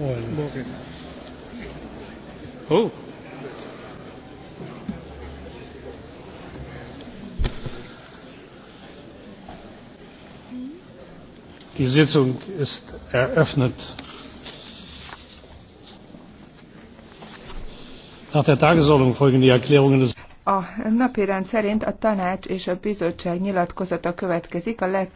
Oh. Die Sitzung ist eröffnet. Nach der Tagesordnung folgen die Erklärungen des A napirend szerint a tanács és a bizottság nyilatkozata következik a lett